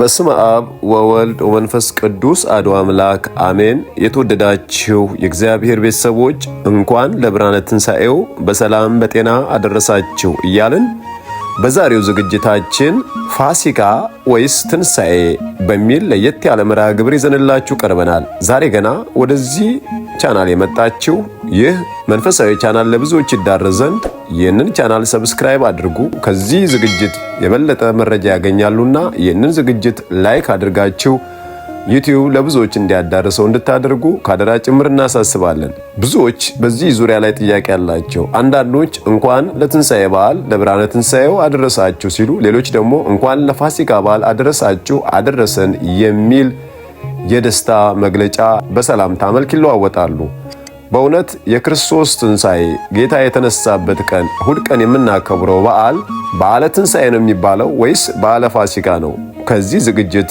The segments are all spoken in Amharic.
በስመ አብ ወወልድ ወመንፈስ ቅዱስ አሐዱ አምላክ አሜን። የተወደዳችሁ የእግዚአብሔር ቤተሰቦች እንኳን ለብርሃነ ትንሣኤው በሰላም በጤና አደረሳችሁ እያልን በዛሬው ዝግጅታችን ፋሲካ ወይስ ትንሣኤ በሚል ለየት ያለ መርሃ ግብር ይዘንላችሁ ቀርበናል። ዛሬ ገና ወደዚህ ቻናል የመጣችሁ ይህ መንፈሳዊ ቻናል ለብዙዎች ይዳረስ ዘንድ ይህንን ቻናል ሰብስክራይብ አድርጉ። ከዚህ ዝግጅት የበለጠ መረጃ ያገኛሉና ይህንን ዝግጅት ላይክ አድርጋችሁ ዩቲዩብ ለብዙዎች እንዲያዳርሰው እንድታደርጉ ካደራ ጭምር እናሳስባለን። ብዙዎች በዚህ ዙሪያ ላይ ጥያቄ ያላቸው፣ አንዳንዶች እንኳን ለትንሣኤ በዓል ለብርሃነ ትንሣኤው አደረሳችሁ ሲሉ፣ ሌሎች ደግሞ እንኳን ለፋሲካ በዓል አደረሳችሁ አደረሰን የሚል የደስታ መግለጫ በሰላምታ መልክ ይለዋወጣሉ። በእውነት የክርስቶስ ትንሣኤ ጌታ የተነሳበት ቀን እሁድ ቀን የምናከብረው በዓል በዓለ ትንሣኤ ነው የሚባለው ወይስ በዓለ ፋሲካ ነው? ከዚህ ዝግጅት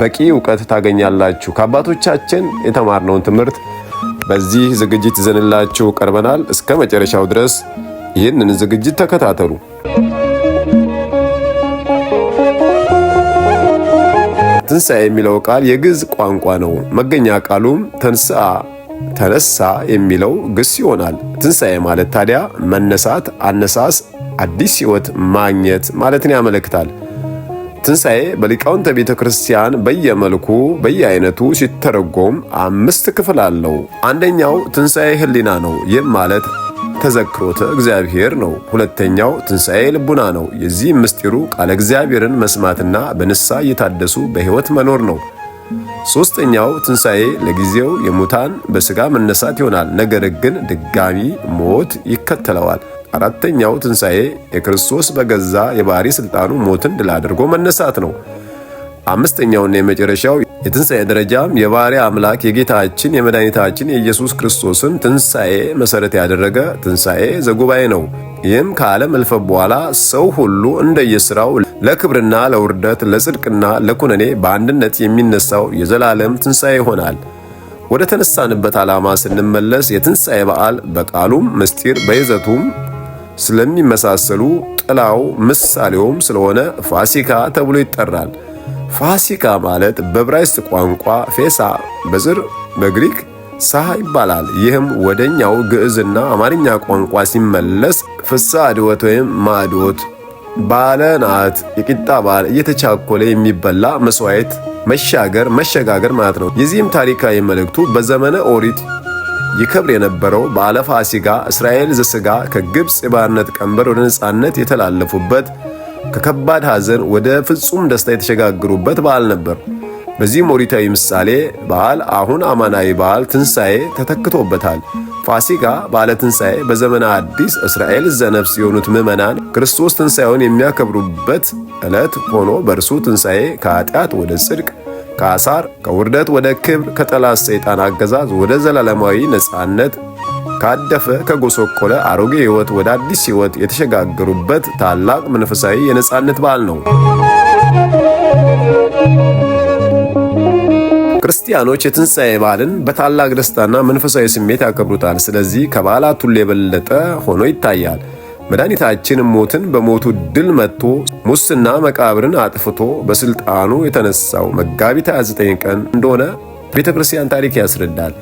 በቂ እውቀት ታገኛላችሁ። ከአባቶቻችን የተማርነውን ትምህርት በዚህ ዝግጅት ይዘንላችሁ ቀርበናል። እስከ መጨረሻው ድረስ ይህንን ዝግጅት ተከታተሉ። ትንሣኤ የሚለው ቃል የግዕዝ ቋንቋ ነው። መገኛ ቃሉም ተንስአ ተነሳ የሚለው ግስ ይሆናል። ትንሣኤ ማለት ታዲያ መነሳት፣ አነሳስ፣ አዲስ ሕይወት ማግኘት ማለትን ያመለክታል። ትንሣኤ በሊቃውንተ ቤተ ክርስቲያን በየመልኩ በየአይነቱ ሲተረጎም አምስት ክፍል አለው። አንደኛው ትንሣኤ ህሊና ነው። ይህም ማለት ተዘክሮተ እግዚአብሔር ነው። ሁለተኛው ትንሣኤ ልቡና ነው። የዚህ ምስጢሩ ቃለ እግዚአብሔርን መስማትና በንሳ እየታደሱ በሕይወት መኖር ነው። ሦስተኛው ትንሣኤ ለጊዜው የሙታን በሥጋ መነሳት ይሆናል፣ ነገር ግን ድጋሚ ሞት ይከተለዋል። አራተኛው ትንሣኤ የክርስቶስ በገዛ የባሕሪ ሥልጣኑ ሞትን ድል አድርጎ መነሳት ነው። አምስተኛውና የመጨረሻው የትንሣኤ ደረጃም የባሕሪ አምላክ የጌታችን የመድኃኒታችን የኢየሱስ ክርስቶስን ትንሣኤ መሠረት ያደረገ ትንሣኤ ዘጉባኤ ነው። ይህም ከዓለም እልፈት በኋላ ሰው ሁሉ እንደየሥራው ለክብርና ለውርደት ለጽድቅና ለኩነኔ በአንድነት የሚነሳው የዘላለም ትንሣኤ ይሆናል። ወደ ተነሳንበት ዓላማ ስንመለስ የትንሣኤ በዓል በቃሉም ምስጢር በይዘቱም ስለሚመሳሰሉ ጥላው ምሳሌውም ስለሆነ ፋሲካ ተብሎ ይጠራል። ፋሲካ ማለት በዕብራይስጥ ቋንቋ ፌሳ በዝር በግሪክ ሳሃ ይባላል። ይህም ወደኛው ግዕዝና አማርኛ ቋንቋ ሲመለስ ፍሳ ድወት ወይም ማድወት ባለ ናት የቂጣ በዓል እየተቻኮለ የሚበላ መስዋዕት መሻገር መሸጋገር ማለት ነው። የዚህም ታሪካዊ መልእክቱ በዘመነ ኦሪት ይከብር የነበረው በዓለ ፋሲካ እስራኤል ዘስጋ ከግብፅ የባርነት ቀንበር ወደ ነፃነት የተላለፉበት ከከባድ ሐዘን ወደ ፍጹም ደስታ የተሸጋገሩበት በዓል ነበር። በዚህም ኦሪታዊ ምሳሌ በዓል አሁን አማናዊ በዓል ትንሣኤ ተተክቶበታል። ፋሲካ በዓለ ትንሣኤ በዘመነ አዲስ እስራኤል ዘነፍስ የሆኑት ምዕመናን ክርስቶስ ትንሣኤውን የሚያከብሩበት ዕለት ሆኖ በእርሱ ትንሣኤ ከኃጢአት ወደ ጽድቅ፣ ከአሳር ከውርደት ወደ ክብር፣ ከጠላት ሰይጣን አገዛዝ ወደ ዘላለማዊ ነፃነት፣ ካደፈ ከጎሰቆለ አሮጌ ሕይወት ወደ አዲስ ሕይወት የተሸጋገሩበት ታላቅ መንፈሳዊ የነፃነት በዓል ነው። ክርስቲያኖች የትንሣኤ በዓልን በታላቅ ደስታና መንፈሳዊ ስሜት ያከብሩታል። ስለዚህ ከበዓላት ሁሉ የበለጠ ሆኖ ይታያል። መድኃኒታችን ሞትን በሞቱ ድል መጥቶ ሙስና መቃብርን አጥፍቶ በሥልጣኑ የተነሳው መጋቢት 29 ቀን እንደሆነ ቤተ ክርስቲያን ታሪክ ያስረዳል።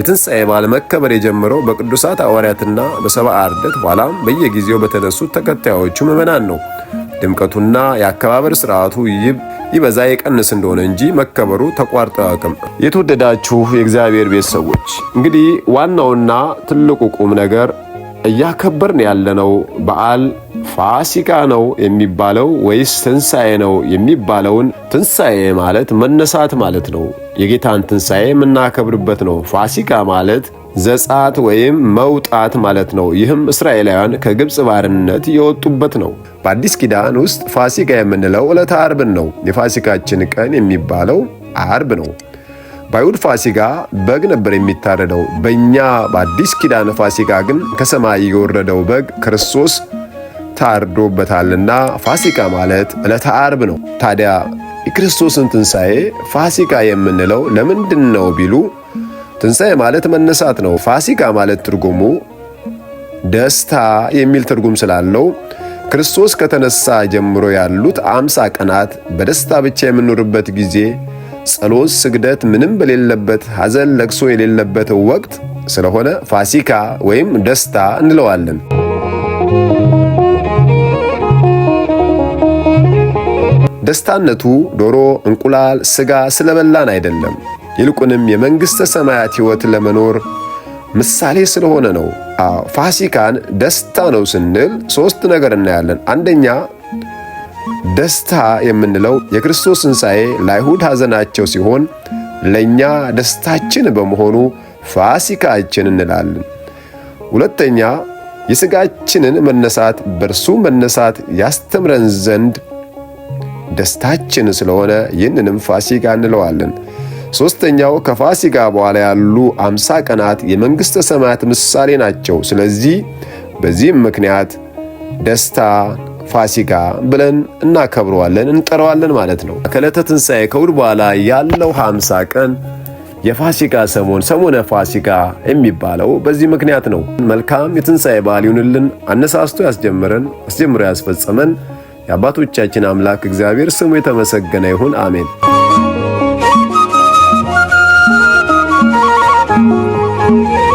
የትንሣኤ በዓል መከበር የጀመረው በቅዱሳት ሐዋርያትና በሰብአ አርድእት በኋላም በየጊዜው በተነሱት ተከታዮቹ ምዕመናን ነው። ድምቀቱና የአከባበር ይብ። ይበዛ የቀንስ እንደሆነ እንጂ መከበሩ ተቋርጦ አያውቅም። የተወደዳችሁ የእግዚአብሔር ቤተሰቦች እንግዲህ ዋናውና ትልቁ ቁም ነገር እያከበርን ያለነው በዓል ፋሲካ ነው የሚባለው ወይስ ትንሣኤ ነው የሚባለውን? ትንሣኤ ማለት መነሳት ማለት ነው። የጌታን ትንሣኤ የምናከብርበት ነው። ፋሲካ ማለት ዘጻት ወይም መውጣት ማለት ነው። ይህም እስራኤላውያን ከግብፅ ባርነት የወጡበት ነው። በአዲስ ኪዳን ውስጥ ፋሲካ የምንለው ዕለተ አርብን ነው። የፋሲካችን ቀን የሚባለው አርብ ነው። በአይሁድ ፋሲካ በግ ነበር የሚታረደው። በእኛ በአዲስ ኪዳን ፋሲካ ግን ከሰማይ የወረደው በግ ክርስቶስ ታርዶበታልና ፋሲካ ማለት ዕለተ አርብ ነው። ታዲያ የክርስቶስን ትንሣኤ ፋሲካ የምንለው ለምንድን ነው ቢሉ ትንሣኤ ማለት መነሳት ነው። ፋሲካ ማለት ትርጉሙ ደስታ የሚል ትርጉም ስላለው ክርስቶስ ከተነሳ ጀምሮ ያሉት አምሳ ቀናት በደስታ ብቻ የምንኖርበት ጊዜ፣ ጸሎት፣ ስግደት ምንም በሌለበት ሐዘን፣ ለቅሶ የሌለበት ወቅት ስለሆነ ፋሲካ ወይም ደስታ እንለዋለን። ደስታነቱ ዶሮ፣ እንቁላል፣ ስጋ ስለበላን አይደለም። ይልቁንም የመንግሥተ ሰማያት ሕይወት ለመኖር ምሳሌ ስለሆነ ነው። ፋሲካን ደስታ ነው ስንል ሦስት ነገር እናያለን። አንደኛ ደስታ የምንለው የክርስቶስ ትንሣኤ ለአይሁድ ሐዘናቸው ሲሆን ለእኛ ደስታችን በመሆኑ ፋሲካችን እንላለን። ሁለተኛ የሥጋችንን መነሳት በእርሱ መነሳት ያስተምረን ዘንድ ደስታችን ስለሆነ ይህንንም ፋሲካ እንለዋለን። ሦስተኛው ከፋሲጋ በኋላ ያሉ አምሳ ቀናት የመንግሥተ ሰማያት ምሳሌ ናቸው። ስለዚህ በዚህም ምክንያት ደስታ ፋሲጋ ብለን እናከብረዋለን እንጠራዋለን ማለት ነው። ከዕለተ ትንሣኤ ከእሑድ በኋላ ያለው ሃምሳ ቀን የፋሲጋ ሰሞን ሰሞነ ፋሲጋ የሚባለው በዚህ ምክንያት ነው። መልካም የትንሣኤ በዓል ይሁንልን። አነሳስቶ ያስጀምረን አስጀምሮ ያስፈጸመን የአባቶቻችን አምላክ እግዚአብሔር ስሙ የተመሰገነ ይሁን። አሜን። Yeah.